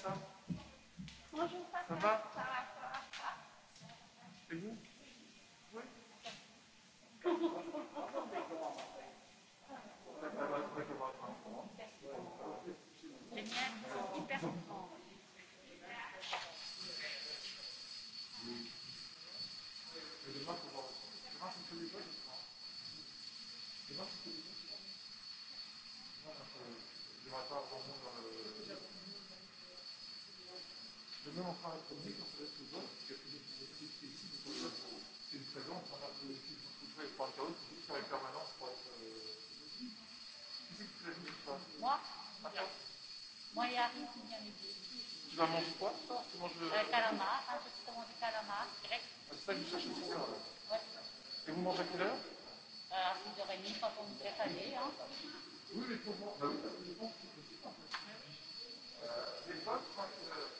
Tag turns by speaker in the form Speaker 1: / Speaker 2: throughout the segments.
Speaker 1: ça Bonjour, papa. Ça va Ça va, ça va, ça va. C'est bon Oui. Les miennes sont hyper grandes. Mais demain, il faut voir. Demain, si tu ne pas, je prends. Demain, si tu ne pas, je prends. Demain, je ne vais pas avoir moins dans la. vraiment pas étonné quand ça reste aux autres, parce qu'il y a plus d'effectifs qui existent, donc en fait, c'est une présence dans la politique du couture et pour un carreau, tu faire une permanence pour être. Qui c'est que tu l'as mis toi Moi Moi, il y a rien qui vient m'aider. Tu vas manger quoi toi Tu manges le. Euh, calamar, hein, je te mange des calamars, grec. Ah, c'est ça que je cherche aussi, ça Ouais. Et vous mangez à quelle heure
Speaker 2: euh, À 6h30 quand on nous fait aller.
Speaker 1: Hein. Oui, mais pour moi, bah oui, parce que je pense que c'est possible en fait. Euh, les potes, 5 heures.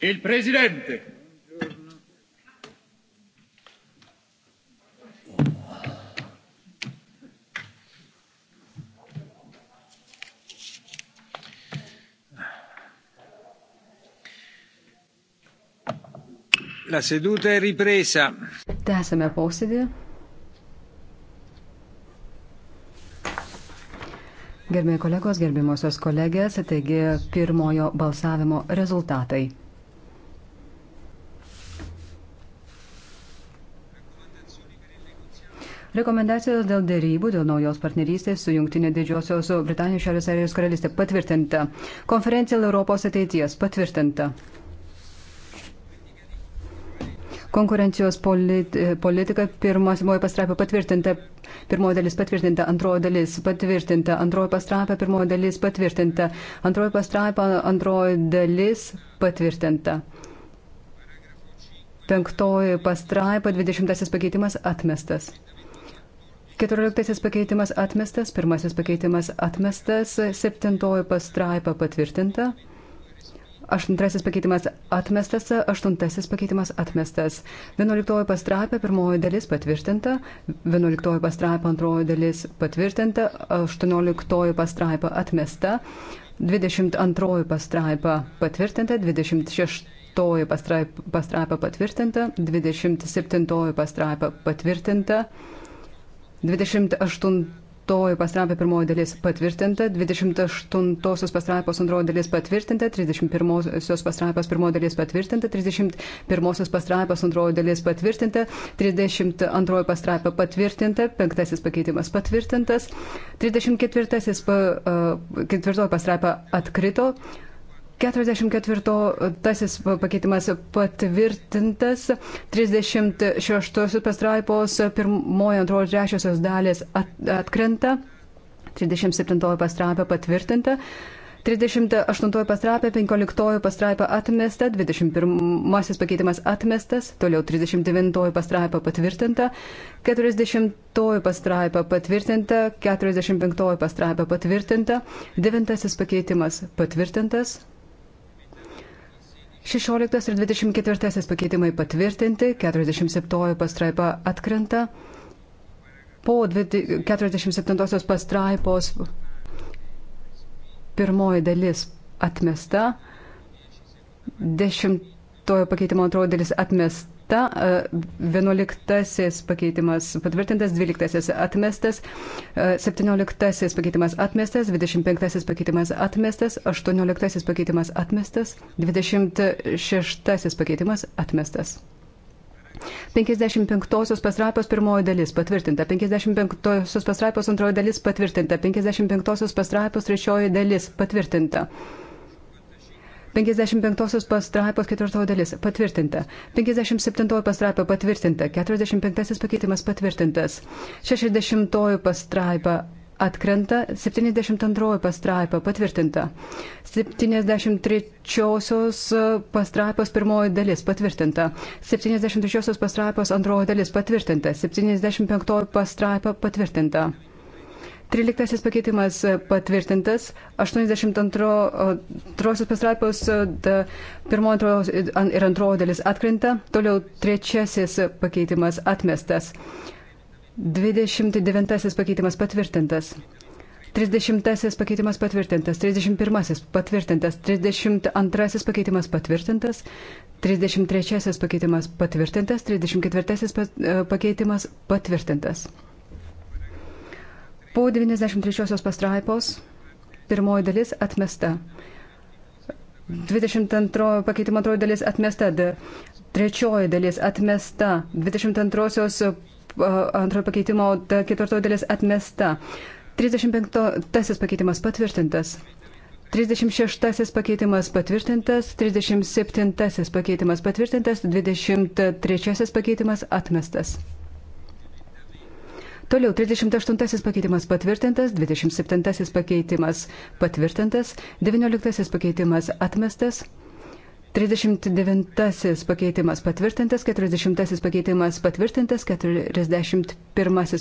Speaker 1: Il Presidente. La seduta è ripresa.
Speaker 3: Tęsame posėdį. Gerbėjai kolegos, gerbimosios kolegės, taigi pirmojo balsavimo rezultatai. Rekomendacijos dėl dėrybų dėl naujos partnerystės su Junktinė didžiosios Britanijos Šiaurės Airijos karalystė patvirtinta. Konferencija dėl Europos ateities patvirtinta. Konkurencijos polit, politika pirmoji pastraipa patvirtinta, pirmoji dalis patvirtinta, antroji dalis patvirtinta, antroji pastraipa pirmoji dalis patvirtinta, antroji pastraipa antroji dalis patvirtinta. Penktoji pastraipa dvidešimtasis pakeitimas atmestas. Keturioliktasis pakeitimas atmestas, pirmasis pakeitimas atmestas, septintoji pastraipa patvirtinta. Aštuntasis pakeitimas atmestas, aštuntasis pakeitimas atmestas. Vienuoliktoji pastraipė pirmoji dalis patvirtinta, vienuoliktoji pastraipė antroji dalis patvirtinta, aštuonioliktoji pastraipė atmesta, dvidešimt antroji pastraipė patvirtinta, dvidešimt šeštoji pastraipė patvirtinta, dvidešimt septintoji pastraipė patvirtinta. 27 28 pastraipė pirmoji dalis patvirtinta, 28 pastraipos antroji dalis patvirtinta, 31 pastraipos pirmoji dalis patvirtinta, 31 pastraipos antroji dalis patvirtinta, 32 pastraipa patvirtinta, 5 pakeitimas patvirtintas, 34 pa, uh, pastraipa atkrito, 44 pakeitimas patvirtintas, 36 pastraipos 1, 2, 3 dalės atkrenta, 37 pastraipa patvirtinta. 38 pastraipė, 15 pastraipė atmesta, 21 pakeitimas atmestas, toliau 39 pastraipė patvirtinta, 40 pastraipė patvirtinta, 45 pastraipė patvirtinta, 9 pakeitimas patvirtintas, 16 ir 24 pakeitimai patvirtinti, 47 pastraipa atkrenta, po 47 pastraipos pirmoji dalis atmesta, 10 pakeitimo antroji dalis atmesta ta, e, vienuoliktasis pakeitimas patvirtintas, dvyliktasis atmestas, e, septynioliktasis pakeitimas atmestas, dvidešimt penktasis pakeitimas atmestas, aštuonioliktasis pakeitimas atmestas, dvidešimt šeštasis pakeitimas atmestas. 55 pasraipos pirmoji dalis patvirtinta, 55 pasraipos antroji dalis patvirtinta, 55 pasraipos trečioji dalis patvirtinta. 55 pastraipos 4 dalis patvirtinta. 57 pastraipa patvirtinta. 45 pakeitimas patvirtintas. 60 pastraipa atkrenta. 72 pastraipa patvirtinta. 73 pastraipos pirmoji dalis patvirtinta. 73 pastraipos antroji dalis patvirtinta. 75 pastraipa patvirtinta. 13 pakeitimas e, patvirtintas, 82 e, pastraipos 1 e, ir 2 dalis atkrinta, toliau 3 pakeitimas atmestas, 29 pakeitimas patvirtintas. 30 pakeitimas patvirtintas, 31 patvirtintas, 32 pakeitimas patvirtintas, 33 pakeitimas patvirtintas, 34 pakeitimas patvirtintas. Po 93 pastraipos pirmoji dalis atmesta. 22 pakeitimo antroji dalis atmesta. Trečioji dalis atmesta. 22 antrojo pakeitimo ketvirtoji dalis atmesta. 35 pakeitimas patvirtintas. 36 pakeitimas patvirtintas, 37 pakeitimas patvirtintas, 23 pakeitimas atmestas. Toliau 38 pakeitimas patvirtintas, 27 pakeitimas patvirtintas, 19 pakeitimas atmestas. 39 pakeitimas patvirtintas, 40 pakeitimas patvirtintas, 41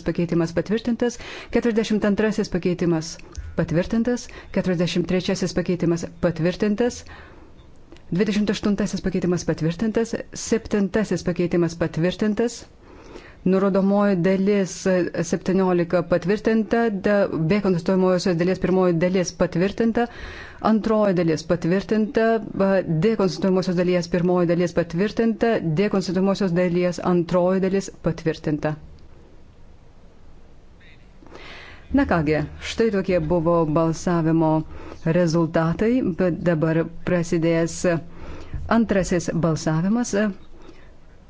Speaker 3: pakeitimas patvirtintas, 42 pakeitimas patvirtintas, 43 pakeitimas patvirtintas, 28 pakeitimas patvirtintas, 7 pakeitimas patvirtintas, Nurodomoji dalis 17 patvirtinta, be konstituojamosios dalies pirmoji dalis patvirtinta, antroji dalis patvirtinta, D konstituojamosios dalies pirmoji dalis patvirtinta, D konstituojamosios dalies antroji dalis patvirtinta. Na kągi, štai tokie buvo balsavimo rezultatai, bet dabar prasidės antrasis balsavimas.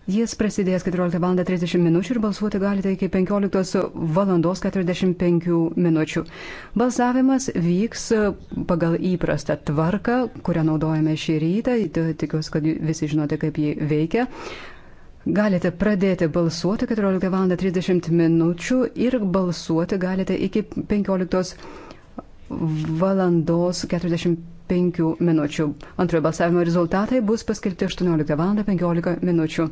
Speaker 3: Jis prasidės 14 val. 30 minučių ir balsuoti galite iki 15 val. 45 minučių. Balsavimas vyks pagal įprastą tvarką, kurią naudojame šį rytą. Tikiuosi, kad visi žinote, kaip ji veikia. Galite pradėti balsuoti 14 val. 30 minučių ir balsuoti galite iki 15 val. 45 minučių penkių minučių. Antrojo balsavimo rezultatai bus paskirti 18 val. 15 minučių.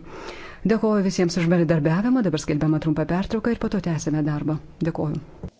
Speaker 3: Dėkoju visiems už bendradarbiavimą, dabar skelbiama trumpa pertrauka ir po to tęsime darbą. Dėkoju.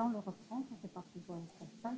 Speaker 1: Sans le refrain, ça fait partie du reste. Ça,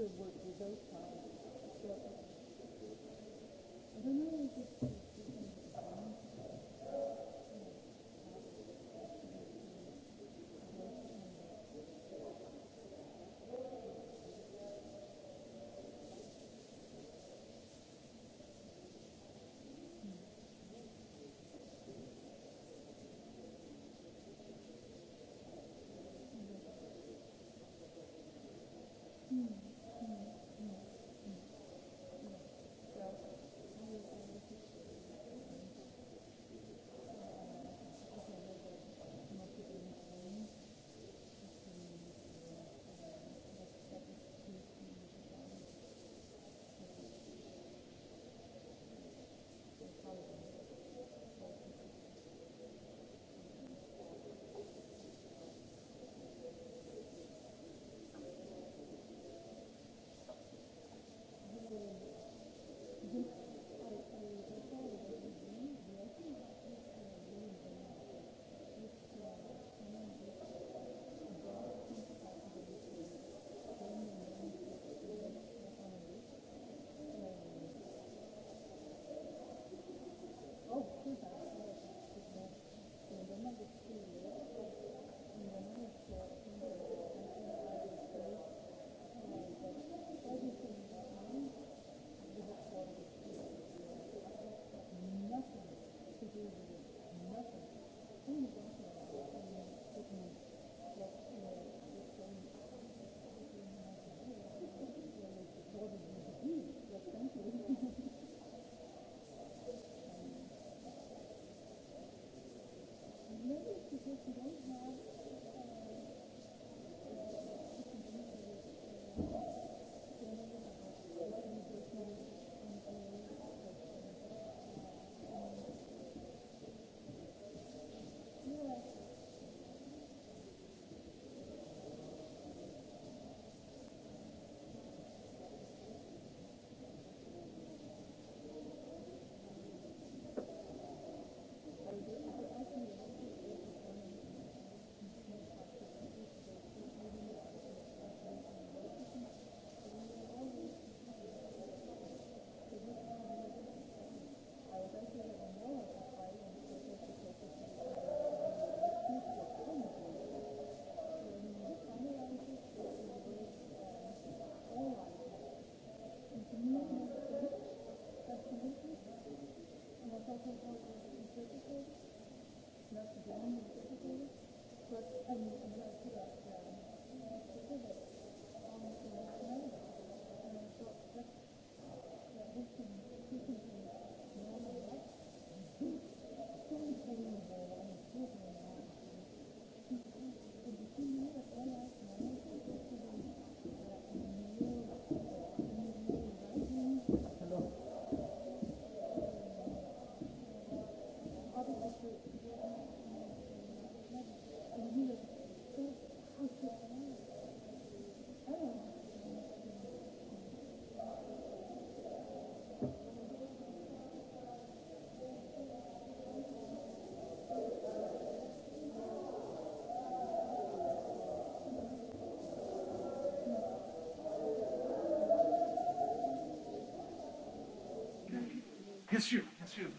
Speaker 1: Western work results It's you. It's you.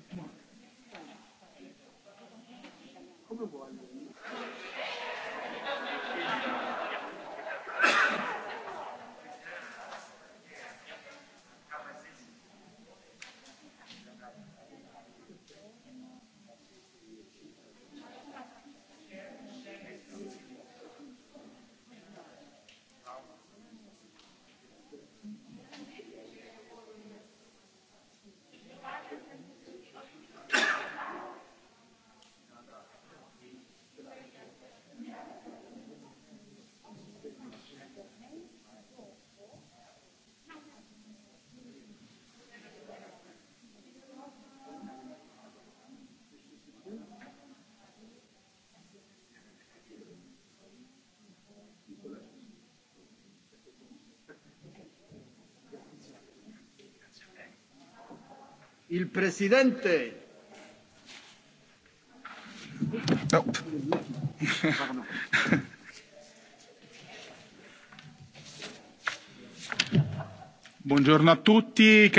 Speaker 1: Il presidente. Nope. Buongiorno a tutti.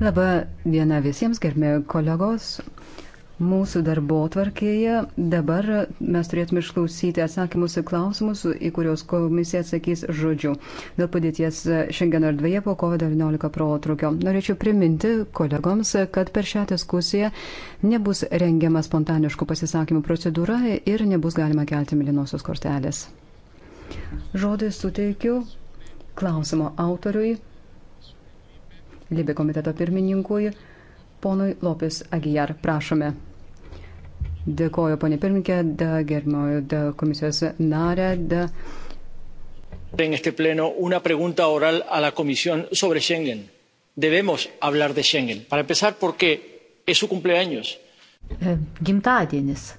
Speaker 3: Labą dieną visiems, gerbėjai kolegos mūsų darbo tvarkėje. Dabar mes turėtume išklausyti atsakymus į klausimus, į kuriuos komisija atsakys žodžiu. Dėl padėties šiandien ar dvieje po COVID-19 protrukio. Norėčiau priminti kolegoms, kad per šią diskusiją nebus rengiama spontaniškų pasisakymų procedūra ir nebus galima kelti milinosios kortelės. Žodį suteikiu klausimo autoriui, Libė komiteto pirmininkui, ponui Lopis Agijar. Prašome. Dėkoju, ponė pirmininkė, gerbimojo komisijos narė. De...
Speaker 1: En este pleno una pregunta oral a la Comisión sobre Schengen. Debemos hablar de Schengen. Para empezar, porque es su cumpleaños.
Speaker 3: Eh,
Speaker 2: gimtadienis.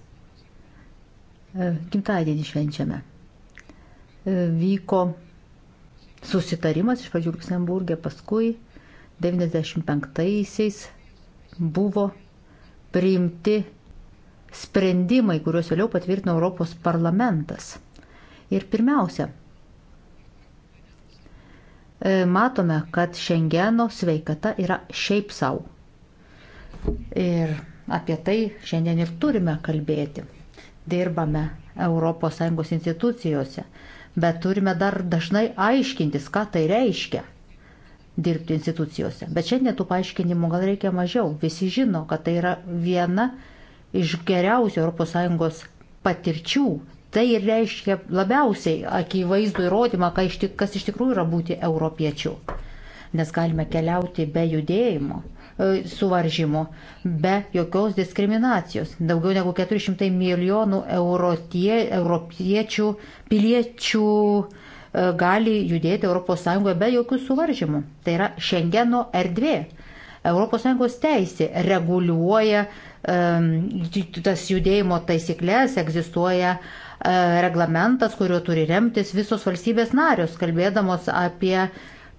Speaker 2: Eh, gimtadienį švenčiame. Eh, vyko susitarimas iš pradžių Luksemburgė, paskui 95-aisiais buvo priimti sprendimai, kuriuos vėliau patvirtino Europos parlamentas. Ir pirmiausia, e, matome, kad Šengeno sveikata yra šiaip savo. Ir apie tai šiandien ir turime kalbėti. Dirbame ES institucijose, bet turime dar dažnai aiškintis, ką tai reiškia dirbti institucijose. Bet šiandien tų paaiškinimų gal reikia mažiau. Visi žino, kad tai yra viena iš geriausių ES patirčių. Tai ir reiškia labiausiai akivaizdų įrodymą, kas iš tikrųjų yra būti europiečiu. Nes galime keliauti be judėjimo, e, suvaržymo, be jokios diskriminacijos. Daugiau negu 400 milijonų eurotie, europiečių piliečių e, gali judėti ES be jokių suvaržymų. Tai yra Šengeno erdvė. ES teisė reguliuoja tas judėjimo taisyklės egzistuoja e, reglamentas, kuriuo turi remtis visos valstybės narios, kalbėdamos apie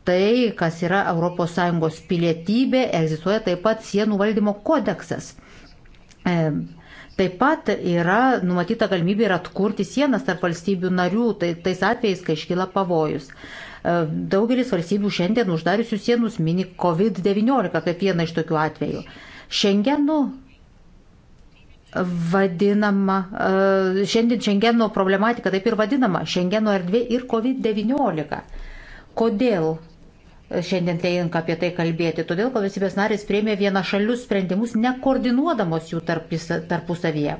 Speaker 2: tai, kas yra ES pilietybė, egzistuoja taip pat sienų valdymo kodeksas. Taip pat yra numatyta galimybė ir atkurti sienas tarp valstybių narių, tai, tais atvejais, kai iškyla pavojus. Daugelis valstybių šiandien uždariusių sienus mini COVID-19 kaip vieną iš tokių atvejų. Šengenų vadinama, e, šiandien Šengeno problematika taip ir vadinama, Šengeno erdvė ir COVID-19. Kodėl šiandien tai tenka apie tai kalbėti. Todėl, kad valstybės narės priemė vienašalius sprendimus, nekoordinuodamos jų tarpis, tarpusavyje.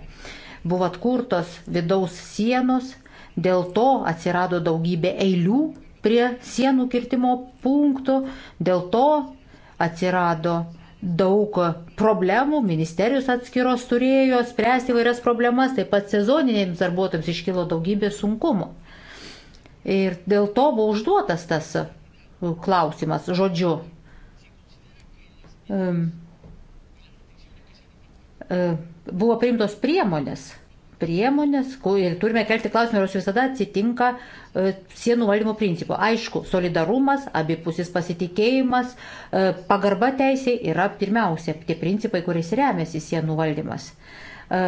Speaker 2: Buvo atkurtos vidaus sienos, dėl to atsirado daugybė eilių prie sienų kirtimo punktų, dėl to atsirado daug problemų, ministerijos atskiros turėjo spręsti vairias problemas, taip pat sezoniniams darbuotojams iškilo daugybė sunkumų. Ir dėl to buvo užduotas tas e, klausimas žodžiu. E, buvo priimtos priemonės priemonės, ir turime kelti klausimą, ar jos visada atsitinka e, sienų valdymo principu. Aišku, solidarumas, abipusis pasitikėjimas, e, pagarba teisė yra pirmiausia tie principai, kuriais remiasi sienų valdymas. E,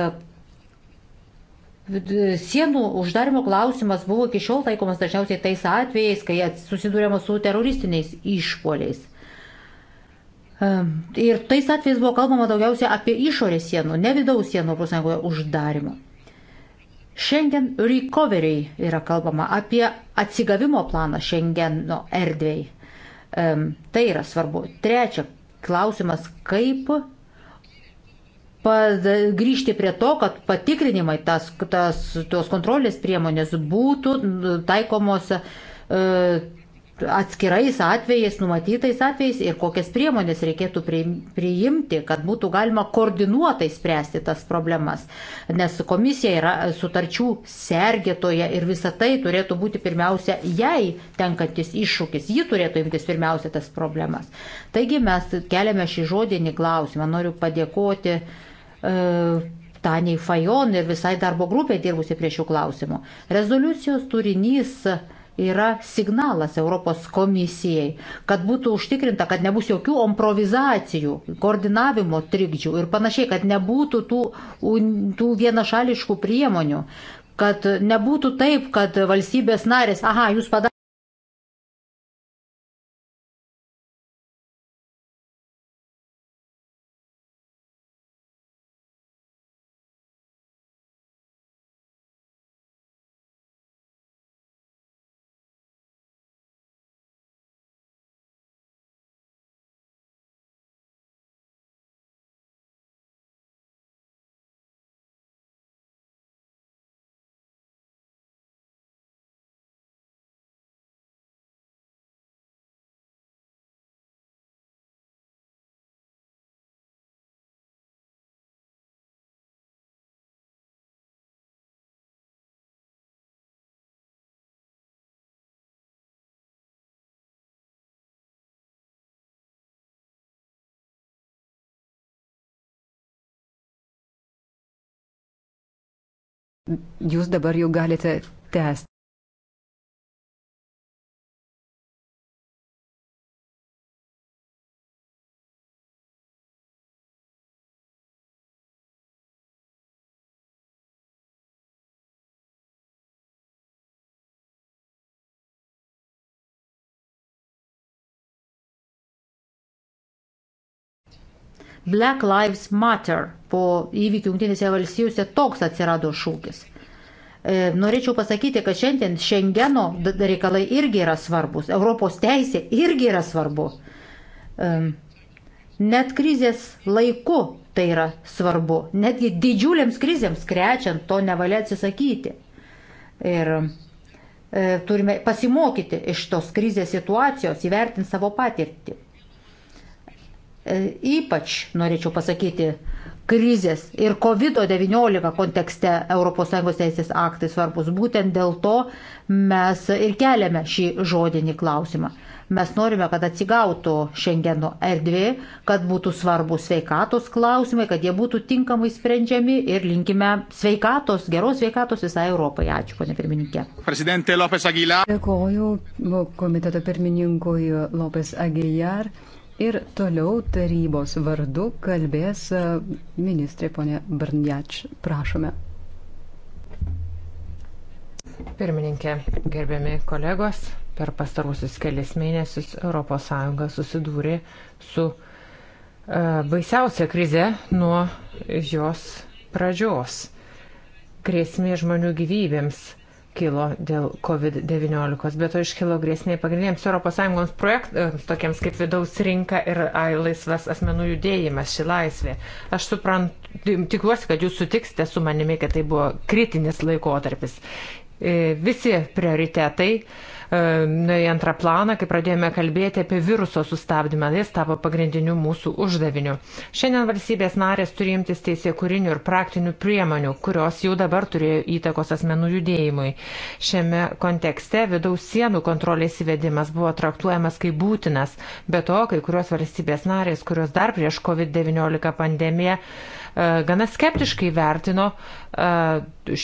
Speaker 2: sienų uždarimo klausimas buvo iki šiol taikomas dažniausiai tais atvejais, kai susidūrėma su teroristiniais išpoliais. Ir tais atvejais buvo kalbama daugiausia apie išorės sienų, ne vidaus sienų Europos Sąjungoje uždarimą. Šiandien recovery yra kalbama apie atsigavimo planą Schengeno erdvėjai. Tai yra svarbu. Trečia, klausimas, kaip grįžti prie to, kad patikrinimai, tas, tas, tos kontrolės priemonės būtų taikomos e, atskirais atvejais, numatytais atvejais ir kokias priemonės reikėtų priimti, kad būtų galima koordinuotai spręsti tas problemas. Nes komisija yra sutarčių sergėtoja ir visa tai turėtų būti pirmiausia jai tenkantis iššūkis. Ji turėtų imtis pirmiausia tas problemas. Taigi mes keliame šį žodinį klausimą. Noriu padėkoti. E, Taniai Fajon ir visai darbo grupė dirbusi prie šių klausimų. Rezoliucijos turinys uh, yra signalas Europos komisijai, kad būtų užtikrinta, kad nebus jokių improvizacijų, koordinavimo trikdžių ir panašiai, kad nebūtų tų, tų vienašališkų priemonių, kad nebūtų taip, kad valstybės narės, aha,
Speaker 1: jūs padarėte. Jūs dabar jau galite tęsti. Black Lives Matter po įvykių Junktinėse
Speaker 2: valstijose toks atsirado šūkis. E, norėčiau pasakyti, kad šiandien Schengeno reikalai irgi yra svarbus, Europos teisė irgi yra svarbu. E, net krizės laiku tai yra svarbu, netgi didžiuliams krizėms krečiant to nevalia atsisakyti. Ir e, turime pasimokyti iš tos krizės situacijos, įvertinti savo patirtį. E, ypač, norėčiau pasakyti, krizės ir COVID-19 kontekste ES teisės aktai svarbus. Būtent dėl to mes ir keliame šį žodinį klausimą. Mes norime, kad atsigautų šiandieno erdvė, kad būtų svarbus sveikatos klausimai, kad jie būtų tinkamai sprendžiami ir linkime sveikatos, geros sveikatos visai Europai. Ačiū, ponė pirmininkė.
Speaker 3: Dėkoju komiteto pirmininkui Lopes Agijar. Ir toliau tarybos vardu kalbės e, ministrė ponė Barnjač.
Speaker 4: Prašome. Pirmininkė, gerbiami kolegos, per pastarusius kelias mėnesius ES susidūrė su e, baisiausia krize nuo jos pradžios. Grėsmė žmonių gyvybėms kilo dėl COVID-19, bet to iškilo grėsmė pagrindiniams ES projektams, e, tokiems kaip vidaus rinka ir ai, laisvas asmenų judėjimas, ši laisvė. Aš suprantu, tikiuosi, kad jūs sutiksite su manimi, kad tai buvo kritinis laikotarpis. E, visi prioritetai E, nuėjo į antrą planą, kai pradėjome kalbėti apie viruso sustabdymą. Jis tapo pagrindiniu mūsų uždaviniu. Šiandien valstybės narės turi imtis teisė kūrinių ir praktinių priemonių, kurios jau dabar turėjo įtakos asmenų judėjimui. Šiame kontekste vidaus sienų kontrolės įvedimas buvo traktuojamas kaip būtinas. Be to, kai kurios valstybės narės, kurios dar prieš COVID-19 pandemiją e, gana skeptiškai vertino e,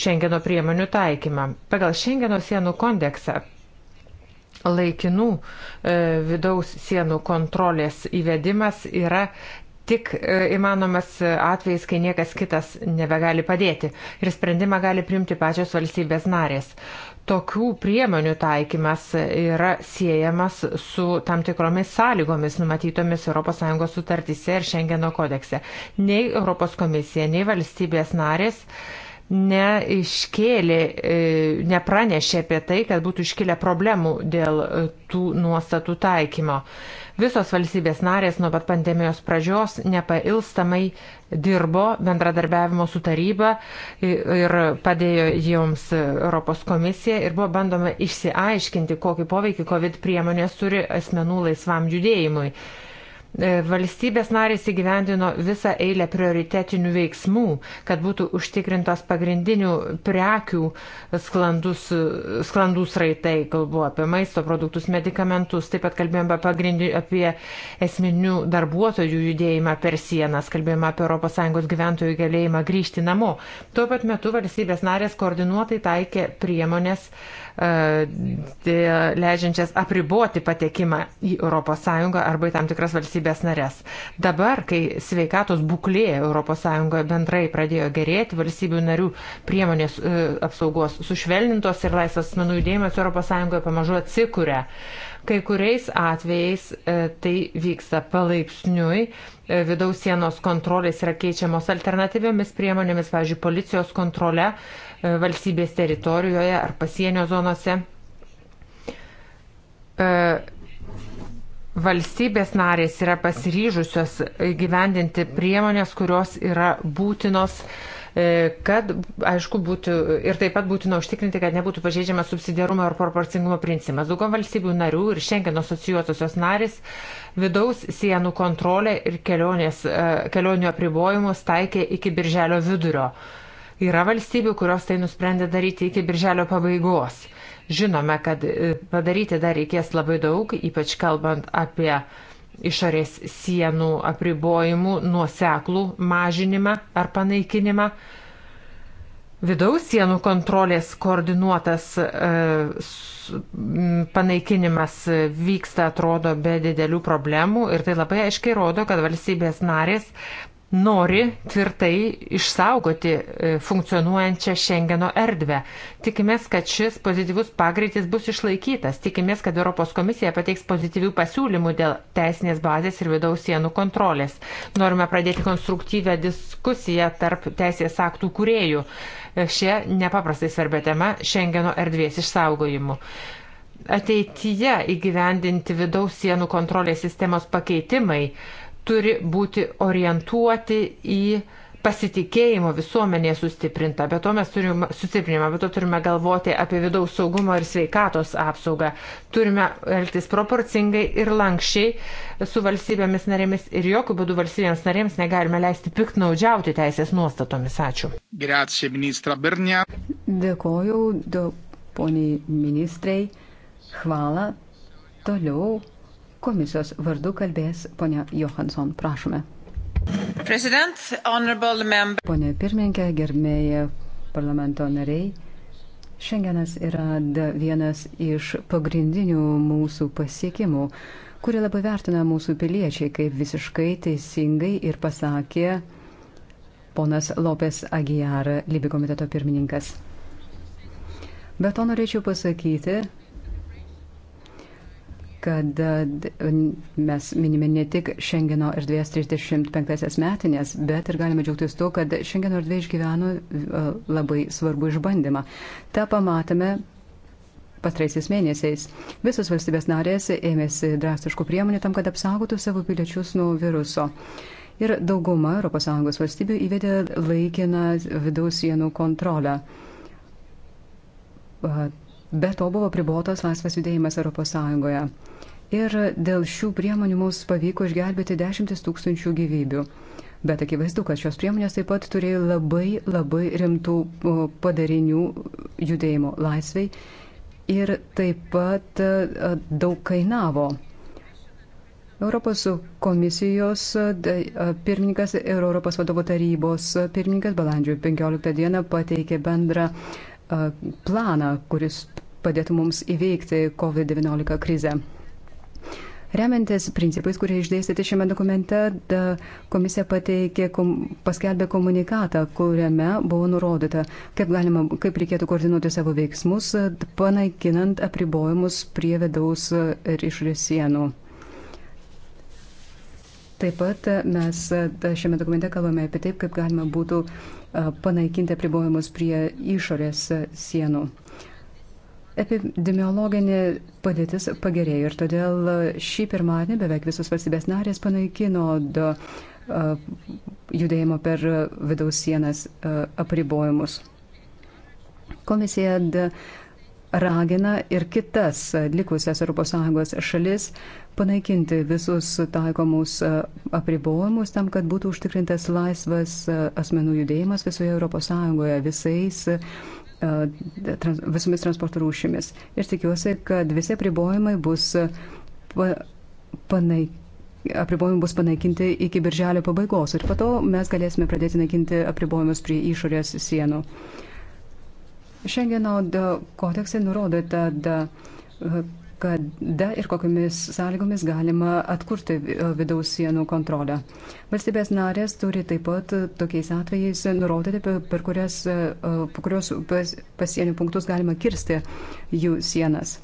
Speaker 4: Šengeno priemonių taikymą. Pagal Šengeno sienų kondeksą laikinų e, vidaus sienų kontrolės įvedimas yra tik e, įmanomas atvejis, kai niekas kitas nebegali padėti ir sprendimą gali priimti pačios valstybės narės. Tokių priemonių taikymas yra siejamas su tam tikromis sąlygomis numatytomis ES sutartyse ir Šengeno kodekse. Nei ES komisija, nei valstybės narės neiškėlė, e, nepranešė apie tai, kad būtų iškilę problemų dėl e, tų nuostatų taikymo. Visos valstybės narės nuo pat pandemijos pradžios nepailstamai dirbo bendradarbiavimo su taryba ir padėjo joms Europos komisija ir buvo bandoma išsiaiškinti, kokį poveikį COVID priemonės turi asmenų laisvam judėjimui. E, valstybės narės įgyvendino visą eilę prioritetinių veiksmų, kad būtų užtikrintos pagrindinių prekių sklandus, sklandus raitai, kalbu apie maisto produktus, medikamentus, taip pat kalbėjome apie, apie esminių darbuotojų judėjimą per sienas, kalbėjome apie ES gyventojų galėjimą grįžti namo. Tuo pat metu valstybės narės koordinuotai taikė priemonės E, leidžiančias apriboti patekimą į ES arba į tam tikras valstybės narės. Dabar, kai sveikatos būklė ES bendrai pradėjo gerėti, valstybių narių priemonės e, apsaugos sušvelnintos ir laisvas asmenų judėjimas ES pamažu atsikuria. Kai kuriais atvejais e, tai vyksta palaipsniui, vidaus sienos kontrolės yra keičiamos alternatyviomis priemonėmis, pavyzdžiui, policijos kontrole E, valstybės teritorijoje ar pasienio zonose. E, valstybės narės yra pasiryžusios gyvendinti priemonės, kurios yra būtinos, e, kad, aišku, būtų ir taip pat būtina užtikrinti, kad nebūtų pažeidžiamas subsidiarumo ir proporcingumo principas. Daugom valstybių narių ir šiandien asocijuotosios narės vidaus sienų kontrolę ir kelionės, kelionių apribojimus taikė iki birželio vidurio. Yra valstybių, kurios tai nusprendė daryti iki birželio pabaigos. Žinome, kad e, padaryti dar reikės labai daug, ypač kalbant apie išorės sienų apribojimų, nuoseklų mažinimą ar panaikinimą. Vidaus sienų kontrolės koordinuotas e, panaikinimas vyksta, atrodo, be didelių problemų ir tai labai aiškiai rodo, kad valstybės narės nori tvirtai išsaugoti e, funkcionuojančią Šengeno erdvę. Tikimės, kad šis pozityvus pagreitis bus išlaikytas. Tikimės, kad Europos komisija pateiks pozityvių pasiūlymų dėl teisinės bazės ir vidaus sienų kontrolės. Norime pradėti konstruktyvę diskusiją tarp teisės aktų kuriejų. E, šia nepaprastai svarbia tema - Šengeno erdvės išsaugojimu ateityje įgyvendinti vidaus sienų kontrolės sistemos pakeitimai turi būti orientuoti į pasitikėjimo visuomenėje sustiprinta, bet to mes turime sustiprinimą, bet to turime galvoti apie vidaus saugumo ir sveikatos apsaugą. Turime elgtis proporcingai ir lankščiai su valstybėmis narėmis ir jokių būdų valstybėms narėms negalime leisti piktnaudžiauti teisės nuostatomis. Ačiū.
Speaker 1: Grazie, ministra Bernia.
Speaker 4: Dėkoju, do, poniai ministrai.
Speaker 3: Hvala. Toliau Komisijos vardu kalbės ponia Johansson. Prašome. Pone pirmininkė, gerbėjai parlamento nariai, šiandienas yra vienas iš pagrindinių mūsų pasiekimų, kurį labai vertina mūsų piliečiai, kaip visiškai teisingai ir pasakė ponas Lopes Agijar, Libi komiteto pirmininkas. Be to norėčiau pasakyti, kad e, mes minime ne tik Šengeno erdvės 35-asias metinės, bet ir galime džiaugtis to, kad Šengeno erdvė išgyveno e, labai svarbu išbandymą. Ta pamatome pastraisiais mėnesiais. Visos valstybės narės ėmėsi drastiškų priemonių tam, kad apsaugotų savo piliečius nuo viruso. Ir dauguma ES valstybių įvedė laikiną vidaus sienų kontrolę e, Be to buvo pribotas laisvas judėjimas ES. Ir dėl šių priemonių mums pavyko išgelbėti dešimtis tūkstančių gyvybių. Bet akivaizdu, kad šios priemonės taip pat turėjo labai labai rimtų padarinių judėjimo laisvai ir taip pat daug kainavo. Europos komisijos pirmininkas ir Europos vadovo tarybos pirmininkas balandžio 15 dieną pateikė bendrą planą, kuris padėtų mums įveikti COVID-19 krizę. Remiantis principais, kurie išdėstyti šiame dokumente, komisija pateikė, kom, paskelbė komunikatą, kuriame buvo nurodyta, kaip, galima, kaip reikėtų koordinuoti savo veiksmus, panaikinant apribojimus prie vidaus ir išorės sienų. Taip pat mes e, šiame dokumente kalbame apie taip, kaip galima būtų e, panaikinti apribojimus prie išorės sienų. Epidemiologinė padėtis pagerėjo ir todėl šį pirmadienį beveik visos valstybės narės panaikino do, e, judėjimo per vidaus sienas apribojimus. Komisija ragina ir kitas likusias ES šalis panaikinti visus taikomus e, apribojimus tam, kad būtų užtikrintas laisvas e, asmenų judėjimas visoje ES visais e, trans, visomis transporto rūšimis. Ir tikiuosi, kad visi apribojimai bus, pa, panaik, apribojimai bus panaikinti iki birželio pabaigos ir po to mes galėsime pradėti naikinti apribojimus prie išorės sienų. Šengeno kodekse nurodyta, kada ir kokiamis sąlygomis galima atkurti e, vidaus sienų kontrolę. Valstybės narės turi taip pat e, tokiais atvejais nurodyti, per kurias, e, per kurios pasienio punktus galima kirsti jų sienas.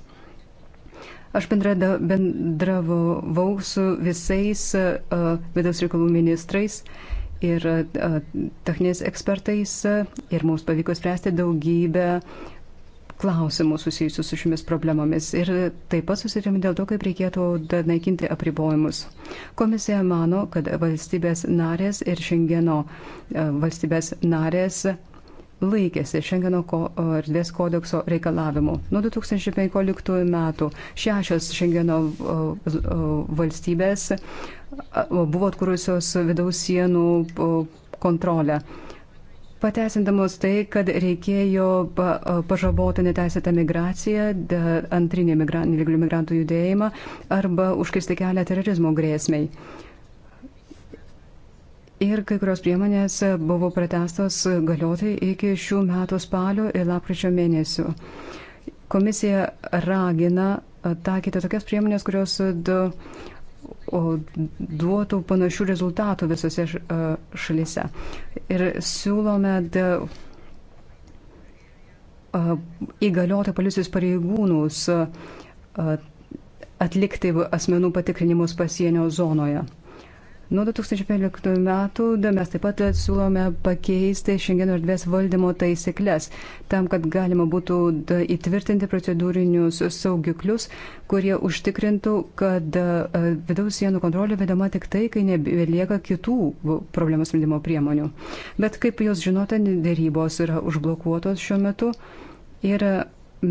Speaker 3: Aš bendravau su visais uh, vidaus reikalų ministrais ir uh, techniniais ekspertais uh, ir mums pavyko spręsti daugybę uh, klausimų susijusių su šiomis problemomis ir taip pat susirėmė dėl to, kaip reikėtų naikinti apribojimus. Komisija mano, kad valstybės narės ir Šengeno e, valstybės narės laikėsi Šengeno erdvės kodekso reikalavimų. Nuo 2015 metų šešios Šengeno e, e, valstybės buvo atkūrusios vidaus sienų kontrolę pateisindamos tai, kad reikėjo pažaboti neteisėtą migraciją, antrinį nelegalių migrantų judėjimą arba užkirsti kelią terorizmo grėsmiai. Ir kai kurios priemonės buvo pratestos galioti iki šių metų spalio ir lapkričio mėnesių. Komisija ragina taikyti tokias priemonės, kurios du, duotų panašių rezultatų visose šalyse. Ir siūlome įgalioti policijos pareigūnus atlikti asmenų patikrinimus pasienio zonoje. Nuo 2015 metų mes taip pat siūlome pakeisti šiandieno erdvės valdymo taisyklės, tam, kad galima būtų įtvirtinti procedūrinius saugiklius, kurie užtikrintų, kad vidaus sienų kontrolė vedama tik tai, kai nebelieka kitų problemos sprendimo priemonių. Bet kaip jūs žinote, dėrybos yra užblokuotos šiuo metu ir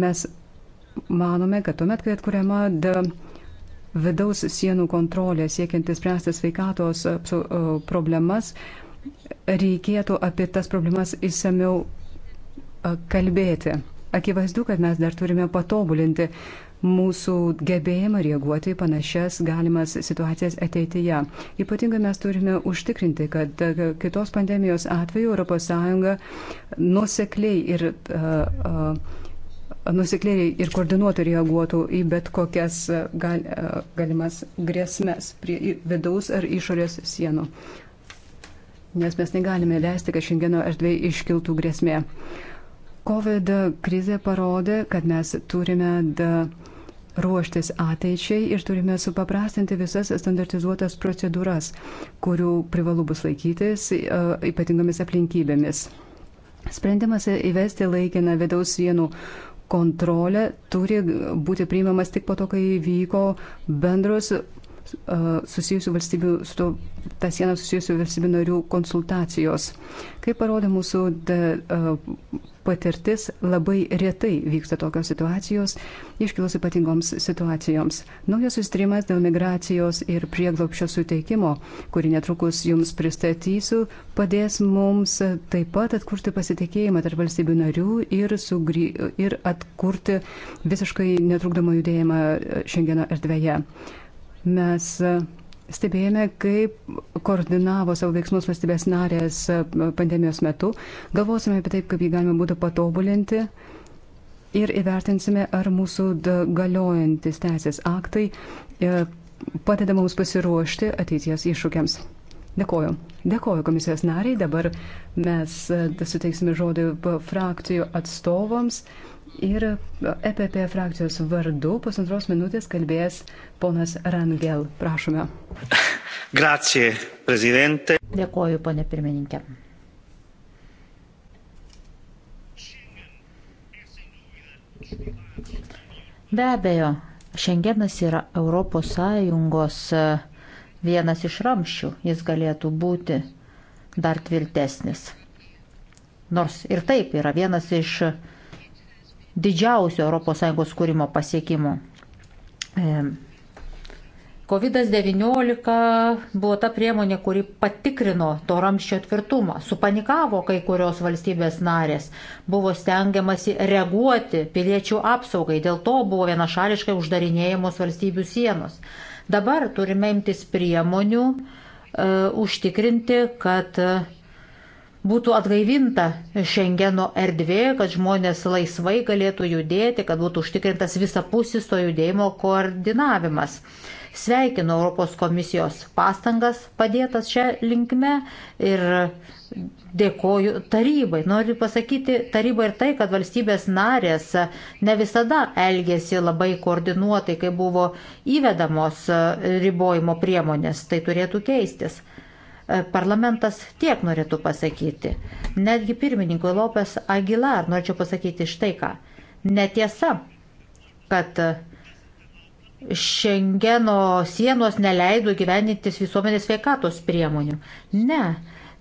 Speaker 3: mes manome, kad tuomet, kai atkuriama. Da, de vidaus sienų kontrolę, siekiant įspręsti sveikatos e, e, problemas, reikėtų apie tas problemas įsamiau e, kalbėti. Akivaizdu, kad mes dar turime patobulinti mūsų gebėjimą reaguoti į panašias galimas situacijas ateityje. Ypatingai mes turime užtikrinti, kad kitos pandemijos atveju ES nusekliai ir uh, uh, nusikliai ir koordinuotų reaguotų į bet kokias e, gal, e, galimas grėsmes prie vidaus ar išorės sienų. Nes mes negalime leisti, kad šiandieno erdvė iškiltų grėsmė. COVID krizė parodė, kad mes turime da, ruoštis ateičiai ir turime supaprastinti visas standartizuotas procedūras, kurių privalu bus laikytis e, ypatingomis aplinkybėmis. Sprendimas įvesti laikiną vidaus sienų kontrolė turi būti priimamas tik po to, kai vyko bendros susijusių valstybių, su to, tą sieną susijusių valstybių narių konsultacijos. Kaip parodė mūsų de, uh, patirtis labai retai vyksta tokios situacijos, iškilus ypatingoms situacijoms. Naujas sustrimas dėl migracijos ir prieglopščio suteikimo, kurį netrukus jums pristatysiu, padės mums taip pat atkurti pasitikėjimą tarp valstybių narių ir, sugrį, ir atkurti visiškai netrukdomą judėjimą šiandieno erdvėje. Mes Stebėjome, kaip koordinavo savo veiksmus valstybės narės e, pandemijos metu, galvosime apie tai, kaip jį galima būtų patobulinti ir įvertinsime, ar mūsų galiojantis teisės aktai e, padeda mums pasiruošti ateities iššūkiams. Dėkoju. Dėkoju komisijos nariai. Dabar mes e, suteiksime žodį frakcijų atstovams. Ir EPP frakcijos vardu pusantros minutės kalbės ponas Rangel. Prašome.
Speaker 1: Grazie, prezidente.
Speaker 3: Dėkoju, ponė pirmininkė.
Speaker 2: Be abejo, Šengenas yra ES e, vienas iš ramščių, jis galėtų būti dar tvirtesnis. Nors ir taip yra vienas iš didžiausių ES kūrimo pasiekimų. E, COVID-19 buvo ta priemonė, kuri patikrino to ramščio tvirtumą. Supanikavo kai kurios valstybės narės. Buvo stengiamasi reaguoti piliečių apsaugai. Dėl to buvo vienašališkai uždarinėjamos valstybių sienos. Dabar turime imtis priemonių e, užtikrinti, kad e, būtų atgaivinta Šengeno erdvė, kad žmonės laisvai galėtų judėti, kad būtų užtikrintas visapusis to judėjimo koordinavimas. Sveikinu Europos komisijos pastangas padėtas šią linkme ir dėkoju tarybai. Noriu pasakyti tarybai ir tai, kad valstybės narės ne visada elgėsi labai koordinuotai, kai buvo įvedamos ribojimo priemonės. Tai turėtų keistis. E, parlamentas tiek norėtų pasakyti. Netgi pirmininkui Lopes Aguilar norėčiau pasakyti štai ką. Netiesa, kad e, Šengeno sienos neleido gyvenintis visuomenės sveikatos priemonių. Ne,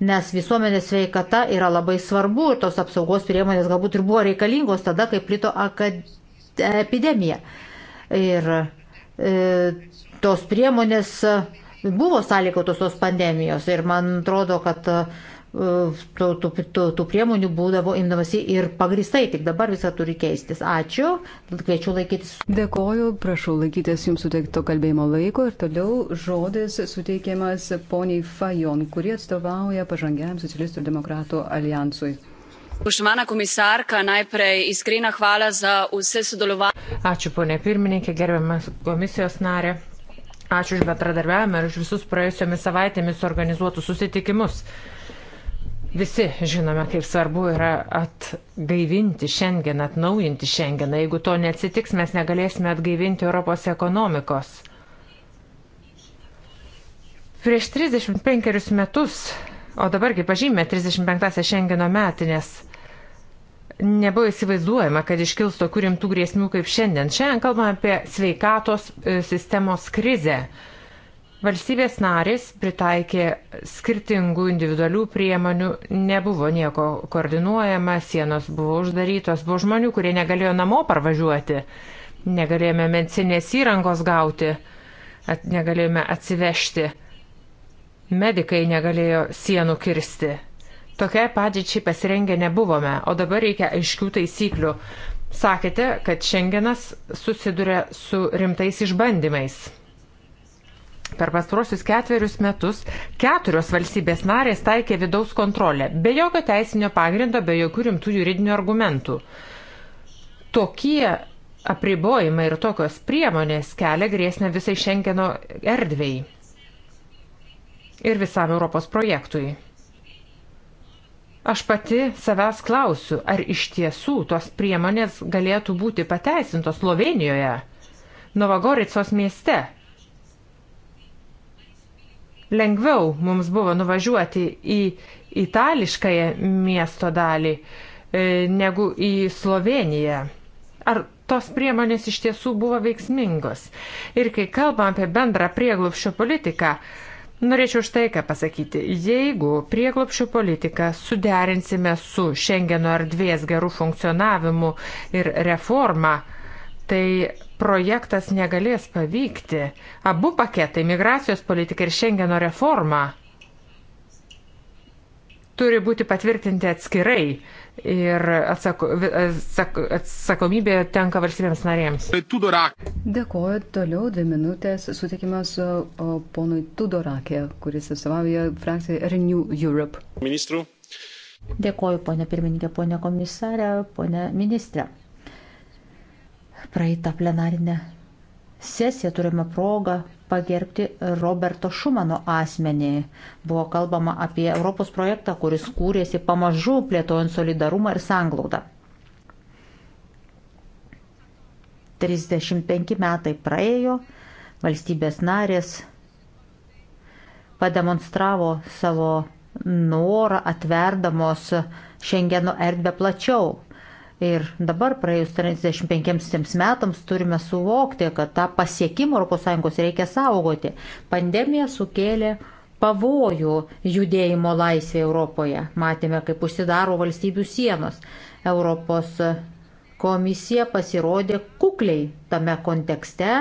Speaker 2: nes visuomenės sveikata yra labai svarbu ir tos apsaugos priemonės galbūt ir buvo reikalingos tada, kai plito epidemija. Ir e, tos priemonės e, buvo sąlygotos tos pandemijos ir man atrodo, kad e, tų, tų, tų, tų priemonių būdavo
Speaker 3: imdamasi ir pagristai, tik dabar visą turi keistis. Ačiū, kviečiu laikytis. Dėkoju, prašau laikytis jums suteikto kalbėjimo laiko ir toliau žodis suteikiamas poniai Fajon, kurie atstovauja pažangiam socialistų ir demokratų alijansui. Spoštovana komisarka, najprej iskrena hvala za vse sodelovanje.
Speaker 4: Ačiū, ponė pirmininkė, gerbiamas komisijos narė. Ačiū už bendradarbiavimą ir už visus praėjusiomis savaitėmis organizuotus susitikimus. Visi žinome, kaip svarbu yra atgaivinti šiandien, atnaujinti šiandien. Jeigu to neatsitiks, mes negalėsime atgaivinti Europos ekonomikos. Prieš 35 metus, o dabar kaip pažymė 35-ąją šiandieno metinės, nebuvo įsivaizduojama, kad iškils tokių rimtų grėsmių kaip šiandien. Šiandien kalbame apie sveikatos e, sistemos krizę. Valstybės narės pritaikė skirtingų individualių priemonių, nebuvo nieko koordinuojama, sienos buvo uždarytos, buvo žmonių, kurie negalėjo namo parvažiuoti, negalėjome medicinės įrangos gauti, at, negalėjome atsivežti, medikai negalėjo sienų kirsti Tokiai padėčiai pasirengę nebuvome, o dabar reikia aiškių taisyklių. Sakėte, kad šiandienas susiduria su rimtais išbandymais. Per pastruosius ketverius metus keturios valstybės narės taikė vidaus kontrolę, be jokio teisinio pagrindo, be jokių rimtų juridinių argumentų. Tokie apribojimai ir tokios priemonės kelia grėsmę visai Šengeno erdvėjai ir visam Europos projektui. Aš pati savęs klausiu, ar iš tiesų tos priemonės galėtų būti pateisintos Slovenijoje, Novagoricos mieste. Lengviau mums buvo nuvažiuoti į itališkąją miesto dalį e, negu į Sloveniją. Ar tos priemonės iš tiesų buvo veiksmingos? Ir kai kalbam apie bendrą prieglupščio politiką, uh, Norėčiau štai ką pasakyti. Jeigu prieglopšio politiką suderinsime su Schengeno erdvės gerų funkcionavimu ir reforma, tai projektas negalės pavykti. Abu paketai - migracijos politika ir Schengeno reforma - turi būti patvirtinti atskirai ir atsako, atsako, atsakomybė tenka valstybėms narėms. Tai
Speaker 3: Dėkuoju, toliau dvi minutės sutikimas ponui Tudorakė, kuris atstovauja frakciją Renew Europe. Ministrų. Dėkuoju, ponė pirmininkė,
Speaker 2: ponė komisarė, ponė ministrė. Praeitą plenarinę sesiją turime progą pagerbti Roberto Šumano asmenį. Buvo kalbama apie Europos projektą, kuris kūrėsi pamažu plėtojant solidarumą ir sanglaudą. 35 metai praėjo, valstybės narės pademonstravo savo norą atverdamos Šengeno erdvę plačiau. Ir dabar, praėjus 35 metams, turime suvokti, kad tą pasiekimą ES reikia saugoti. Pandemija sukėlė pavojų judėjimo laisvė Europoje. Matėme, kaip užsidaro valstybių sienos. Europos komisija pasirodė kukliai tame kontekste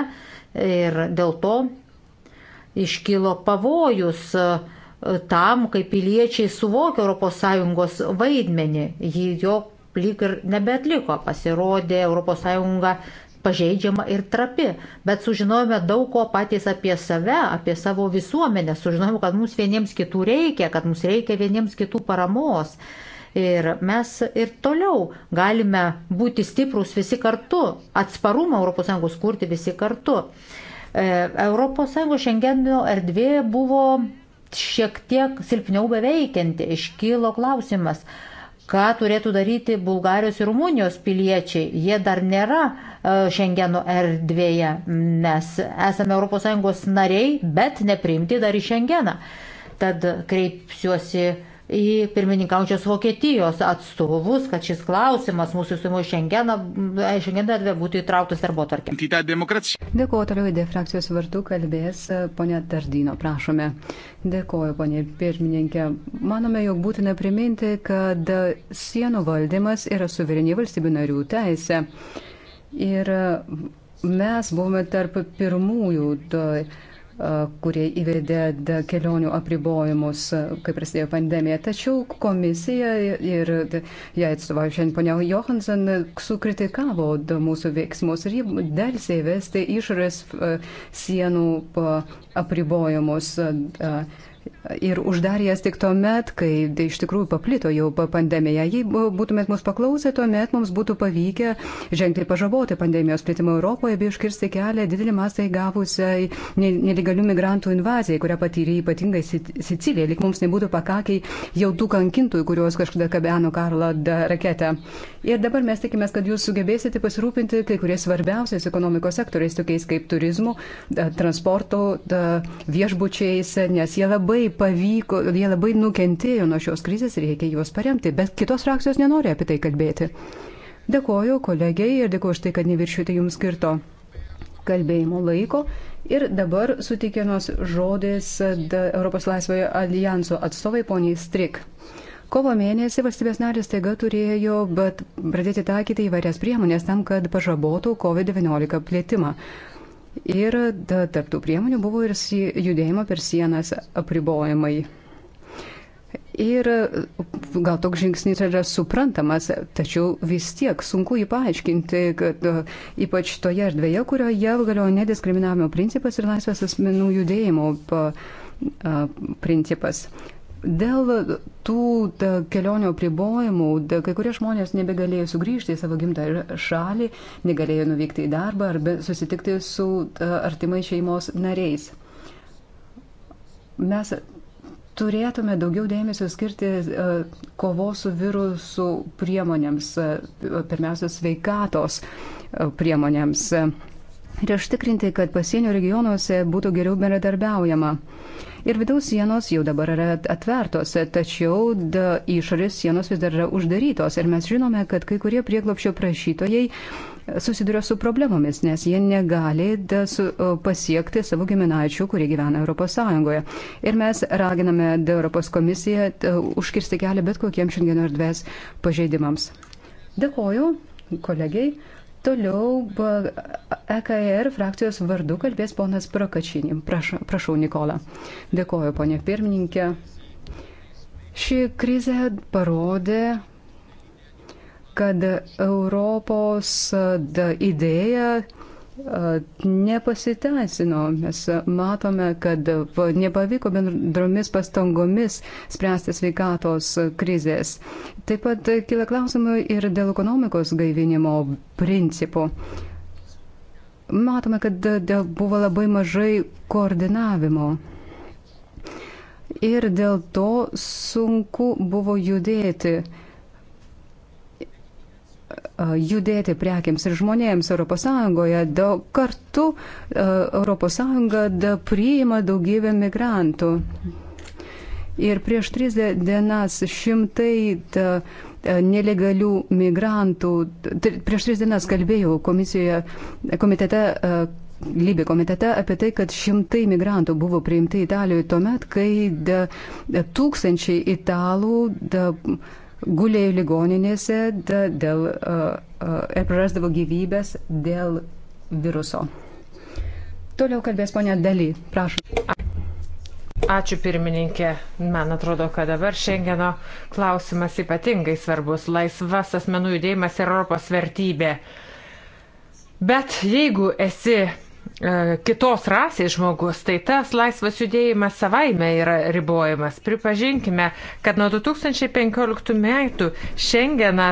Speaker 2: ir dėl to iškilo pavojus e, tam, kaip piliečiai suvokia ES vaidmenį, jį jo lyg ir nebeatliko, pasirodė ES pažeidžiama ir trapi, bet sužinojome daug ko patys apie save, apie savo visuomenę, sužinojome, kad mums vieniems kitų reikia, kad mums reikia vieniems kitų paramos. Ir mes ir toliau galime būti stiprus visi kartu, atsparumą ES kurti visi kartu. ES šengeno erdvė buvo šiek tiek silpniau beveikianti, iškylo klausimas, ką turėtų daryti Bulgarijos ir Rumunijos piliečiai. Jie dar nėra Šengeno e, erdvėje, nes esame ES nariai, bet nepriimti dar į Šengeną. Tad kreipsiuosi į pirmininkaujančios Vokietijos atstovus, kad šis klausimas mūsų sumo šiandieną, e, šiandieną atvė būtų įtrauktas darbo tarkė.
Speaker 3: Dėkuoju toliau, idė frakcijos vardu kalbės e, ponė Tardino, prašome. Dėkuoju, ponė pirmininkė. Manome, jog būtina priminti, kad sienų valdymas yra suvereni valstybių narių teisė. Ir mes buvome tarp pirmųjų. Do, kurie įvedė kelionių apribojimus, kai prasidėjo pandemija. Tačiau komisija ir jai atstovauja šiandien ponia Johansen sukritikavo mūsų veiksmus ir jį dėlsiai vesti išorės sienų apribojimus ir uždarė jas tik tuo met, kai tai iš tikrųjų paplito jau pandemija. Jei būtumėt mus paklausę, tuomet mums būtų pavykę ženkliai pažaboti pandemijos plitimą Europoje bei iškirsti kelią didelį masą įgavusiai nelegalių migrantų invazijai, kurią patyrė ypatingai Sicilija, lik mums nebūtų pakakiai jau tų kankintų, kuriuos kažkada kabeno Karla raketę. Ir dabar mes tikime, kad jūs sugebėsite pasirūpinti kai kurie svarbiausiais ekonomikos sektoriais, tokiais kaip turizmu, transportu, viešbučiais, nes jie labai pavyko, jie labai nukentėjo nuo šios krizės ir reikia juos paremti, bet kitos frakcijos nenori apie tai kalbėti. Dėkoju kolegiai ir dėkoju už tai, kad neviršiuote jums skirto kalbėjimo laiko. Ir dabar sutikiamas žodis Europos laisvojo alijanso atstovai poniai Strik. Kovo mėnesį valstybės narės taiga turėjo pradėti taikyti įvairias priemonės tam, kad pažabotų COVID-19 plėtimą. Ir tarptų priemonių buvo ir judėjimo per sienas apribojimai. Ir gal toks žingsnis yra suprantamas, tačiau vis tiek sunku jį paaiškinti, kad ypač toje erdvėje, kurioje galioja nediskriminavimo principas ir laisvės asmenų judėjimo principas. Dėl tų ta, kelionio pribojimų, da, kai kurie žmonės nebegalėjo sugrįžti į savo gimtą šalį, negalėjo nuvykti į darbą ar susitikti su ta, artimai šeimos nariais. Mes turėtume daugiau dėmesio skirti uh, kovos su virusu priemonėms, uh, pirmiausia, sveikatos uh, priemonėms uh, ir užtikrinti, kad pasienio regionuose būtų geriau bendradarbiaujama. Uh, Ir vidaus sienos jau dabar yra atvertos, tačiau išorės sienos vis dar yra uždarytos. Ir mes žinome, kad kai kurie prieglopšio prašytojai susiduria su problemomis, nes jie negali pasiekti savo giminaičių, kurie gyvena ES. Ir mes raginame Europos komisiją užkirsti kelią bet kokiems šiandieno erdvės pažeidimams. Dėkoju kolegiai. Toliau EKR frakcijos vardu kalbės ponas Prokačinim. Prašau, prašau Nikola. Dėkoju, ponė pirmininkė. Ši krizė parodė, kad Europos idėja nepasiteisino. Mes matome, kad nepavyko bendromis pastangomis spręsti sveikatos krizės. Taip pat kila klausimų ir dėl ekonomikos gaivinimo principų. Matome, kad dėl buvo labai mažai koordinavimo. Ir dėl to sunku buvo judėti judėti prekiams ir žmonėms ES, da, kartu ES da, priima daugybę migrantų. Ir prieš tris dienas šimtai da, nelegalių migrantų, prieš tris dienas kalbėjau komisijoje, komitete Lybė komitete apie tai, kad šimtai migrantų buvo priimti Italijoje tuomet, kai da, da, tūkstančiai italų da, gulėjo ligoninėse dėl, ir prarasdavo gyvybės dėl viruso. Toliau kalbės ponia Daly, prašom.
Speaker 4: Ačiū pirmininkė. Man atrodo, kad dabar Šengeno klausimas ypatingai svarbus. Laisvas asmenų judėjimas yra Europos vertybė. Bet jeigu esi E, kitos rasės žmogus, tai tas laisvas judėjimas savaime yra ribojamas. Pripažinkime, kad nuo 2015 metų Šengeną